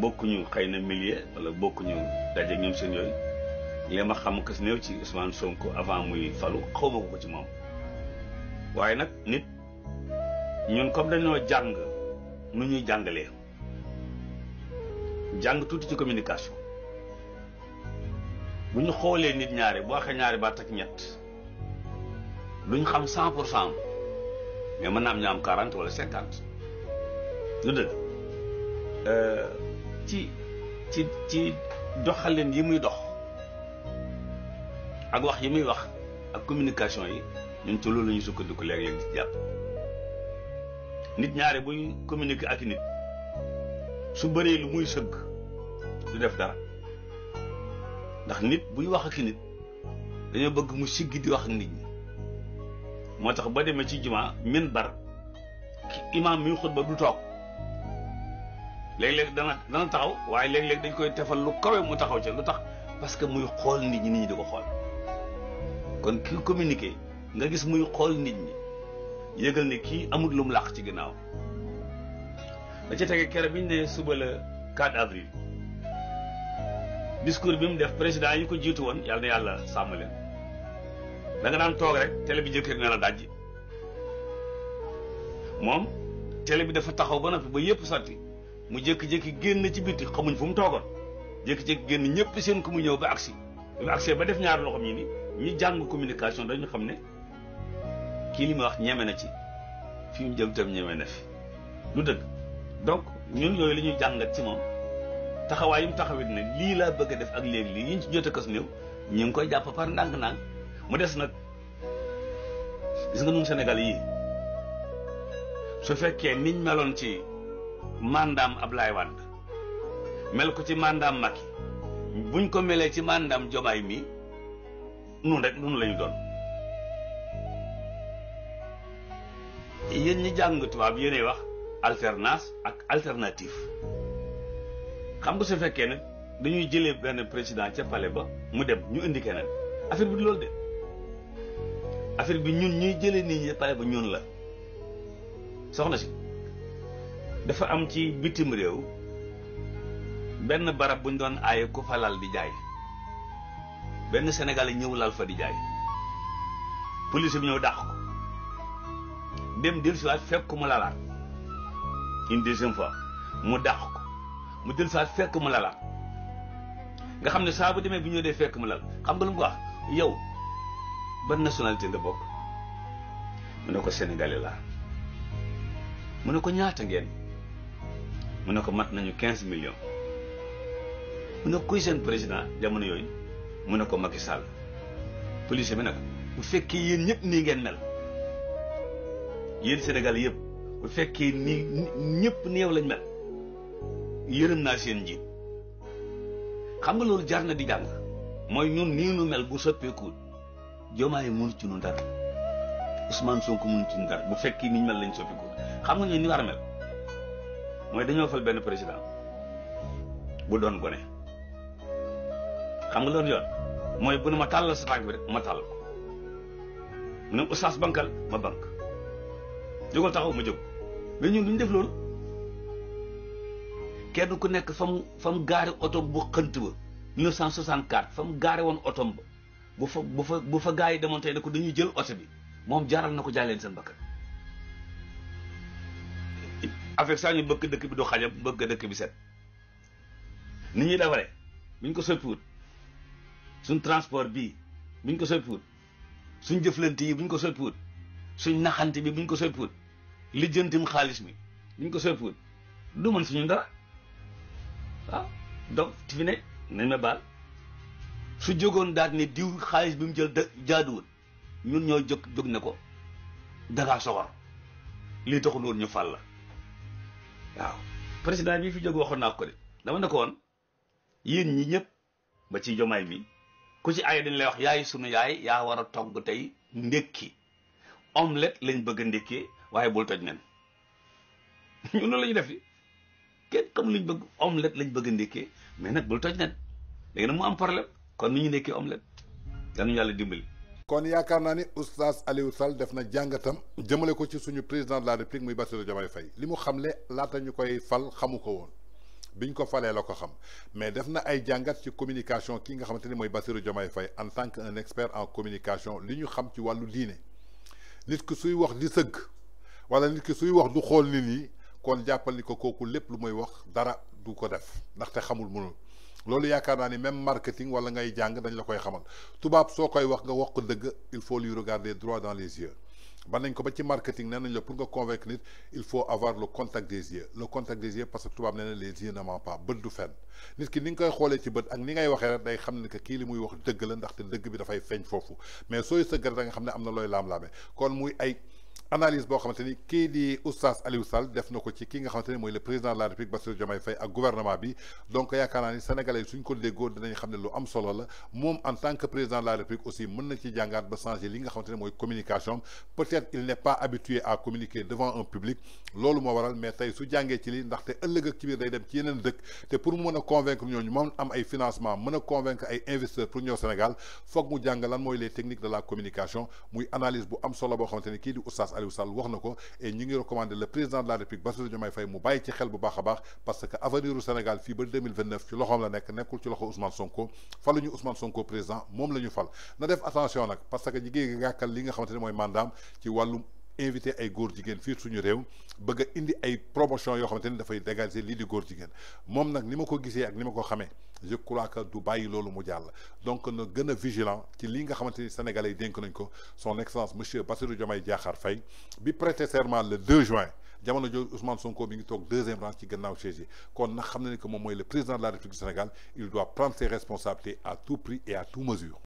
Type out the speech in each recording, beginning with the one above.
bokkuñu xëy na millier wala bokkuñu daje ñoom seen yooyu li ma xam kas néew ci Ousmane Sonko avant muy falu xawma ma ko ci moom waaye nag nit ñun comme dañoo jàng mu ñuy jàngalee jàng tuuti ci communication bu ñu xoolee nit ñaari bu waxee ñaari baat ak ñett duñ xam cent pour cent mais mën naa am ñu am quarante wala cinquante lu dëgg euh, ci ci ci doxalin yi muy dox ak wax yi muy wax ak communication yi ñun ci loolu la ñuy sukkandiku léeg-léeg jàpp nit ñaare buy communiquer ak nit su bëree lu muy sëgg du def dara ndax nit buy wax ak nit dañoo bëgg mu siggi di wax ak nit ñi moo tax ba demee ci jumaa minbar ki imaam mi xutba du toog léeg-léeg dana dana taxaw waaye léeg-léeg dañ koy tefal lu kawe mu taxaw ca lu tax parce que muy xool nit ñi nit ñi di ko xool kon ki communiqué nga gis muy xool nit ñi yëgal ne kii amut lu mu làq ci ginnaaw da ca tege kere bi ñu ne suba la 4 avril discours bi mu def président yi ko jiitu woon yàlla na yàlla sàmm leen da daan toog rek télé bi jëkkër ne la dajji moom tele bi dafa taxaw ba noppi ba yëpp sotti mu jékki-jékki génn ci bitti xamuñ fu mu toogoon jékki-jékki génn ñëpp seen ku mu ñëw ba agsi ba agsi ba def ñaar loxoom yi ni ñu jàng communication dañu xam ne kii li wax ñeme na ci fi mu jëm tam ñeme na fi lu dëgg donc ñun yooyu li ñuy jàngat ci moom mu taxawit ne lii laa bëgg a def ak léegi lii ñu ci jot a kas néew ñu ngi koy jàpp par ndànk-ndànk mu des nag gis nga nun Sénégal yii su fekkee niñ meloon ci mandaam Ablaye Wade mel ko ci mandaam Macky buñ ko melee ci mandaam Jomaay mi nun rek nun lañu doon yéen ñi jàng tubaab yéenay wax alternance ak alternative xam nga su fekkee ne dañuy jële benn président ca palais ba mu dem ñu indi keneen affaire bi loolu de affaire bi ñun ñuy jëlee nit ñi palais ba ñun la soxna si dafa am ci bitim réew ben barab buñ doon aaye ko fa lal di jaay benn sénégalais ñëw lal fa di jaay police bi ko dem del siwaat fekk mu lalaat une deuxième fois mu dàq ko mu del siwaat fekk mu lalaat nga xam ne saa bu demee bu ñëw dee fekk mu lal xam nga lu wax yow ban nationalité nga mu ne ko mu ne ko ñaata ngeen mu ne ko mat nañu 15 millions mu ne kuy seen président jamono yooyu mu ne ko Macky Sall police bi nag bu fekkee yéen ñëpp nii ngeen mel yéen Sénégal yëpp bu fekkee nii ñëpp lañ mel yërëm naa seen njiit xam nga loolu jar na di jàng mooy ñun nii nu mel bu soppeeku jomaay mënu ci nu dara Ousmane Sonko mënu ci nu dara bu fekkee niñ mel lañ soppeeku xam nga ñun ni war a mel mooy dañoo fal benn président bu doon gone xam nga loolu yoon mooy bu ne ma tàllal sa tànk bi rek ma tàll ne oustaz bankal ma bank jógal taxaw ma jóg mais ñun duñ def loolu kenn ku nekk fam fam gaari oto bu xënt ba 1964 fam gaari woon otom ba bu fa bu fa bu fa gars yi demoon tey ne ko dañuy jël oto bi moom jaaral na jaay leen seen bakkan avec ça ñu bëgg dëkk bi du xajam bëgg dëkk bi set ni ñuy defaree bu ñu ko soppiwut suñ transport bi bu ko soppiwut suñ jëflante yi bu ko soppiwut suñ naxante bi bu ko soppiwut lijjantim xaalis bi bu ko soppiwut du mën suñu dara waaw ah, donc fi ne nañ ma baal su jógoon daal ni diw xaalis bi mu jël jaaduwul ñun ñoo jóg jóg ne ko dangaa soxor lii taxul woon ñu fal la waaw président bi fi jóg waxoon naa ko de dama ne ko woon yéen ñi ñëpp ba ci jomaay mi ku ci ay dañ lay wax yaay sunu yaay yaa war a togg tey ndékki omelette lañ bëgg a ndékkee waaye bul toj nen ñun loolu la ñuy def yi kenn comme luñ bëgg omelette lañ bëgg a ndékkee mais nag bul toj nen léegi nag mu am problème kon nu ñu ndékkee omelette dañu yàlla dimbali kon yaakaar naa ni oustaz Aliou Sall def na jàngatam jëmale ko ci suñu président de la république muy Bassirou Diomaye Faye li mu xamle laata ñu koy fal xamu ko woon biñ ko falee la ko xam mais def na ay jàngat ci communication ki nga xamante ni mooy Bassirou Diomaye Faye en tant que un expert en communication li ñu xam ci wàllu diine nit ki suy wax di sëgg wala nit ki suy wax du xool nit ñi kon jàppal ni ko kooku lépp lu muy wax dara du ko def ndaxte xamul mënul loolu yakarna ni même marketing wala ngay jàng dañ la koy xamal tubab sokoy wax nga wax ko deug il faut lui regarder droit dans les yeux ban nañ ko ba ci marketing nee nañ la pour nga convaincre nit il faut avoir le contact des yeux le contact des yeux parce que tubab nena les yeux ne ment pas bët du fen nit ki ni nga koy xoolee ci bët ak ni ngay waxe rek day xam ne ki kii li muy wax deug la ndax te deug bi da fay feeñ fofu mais soy sëgg da nga xamne amna loy lam lamé kon muy ay. analyse boo xamante ni kii di oustaz Aliou Sall def na ci ki nga xamante ni le président de la république Bassirou Diomaye Faye ak gouvernement bi donc yaakaar naa ni sénégalais yi suñ ko déggoo dinañ xam ne lu am solo la moom en tant que président de la république aussi mën na ci jàngaat ba changer li nga xamante moy communication peut-être il n'est pas habitué à communiquer devant un public loolu moo waral mais tey su jàngee ci li ndaxte ëllëg ak ci biir day dem ci yeneen dëkk te pour mu mën convaincre ñooñu moom am ay financement mën convaincre ay investisseurs pour ñëw Sénégal foog mu jàng lan moy les techniques de la communication muy analyse bu am solo boo xamante ni kii di oustaz Aliou Sall wax na et ñi ngi recommander le président de la République Bassirou Diomaye Faye mu bay ci xel bu baaxa baax parce que avenir du Sénégal fi ba 2029 ci loxom la nek nekul ci loxo Ousmane Sonko faluñu Ousmane Sonko président mom lañu fal na def attention nak parce que ñi ngi gàkkal li nga xamanteni ne mandam ci wàllum invité ay góor jigéen fi suñu rew bëgg indi ay promotion yo xamanteni de fay dégager li di de jigéen mom nak ni ma ko gisé ak ni ko je crois que dubaï l'eau lolu mu donc na gëna vigilant ci li nga xamanteni sénégalais yi nañ ko son excellence monsieur Bassirou Diomaye Diakhar Fay bi prêté serment le 2 juin jamono de Ousmane Sonko mi ngi deuxième rang ci gannaaw chaise kon nag xam ni le président de la République du Sénégal il doit prendre ses responsabilités à tout prix et à toute mesure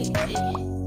Yeah.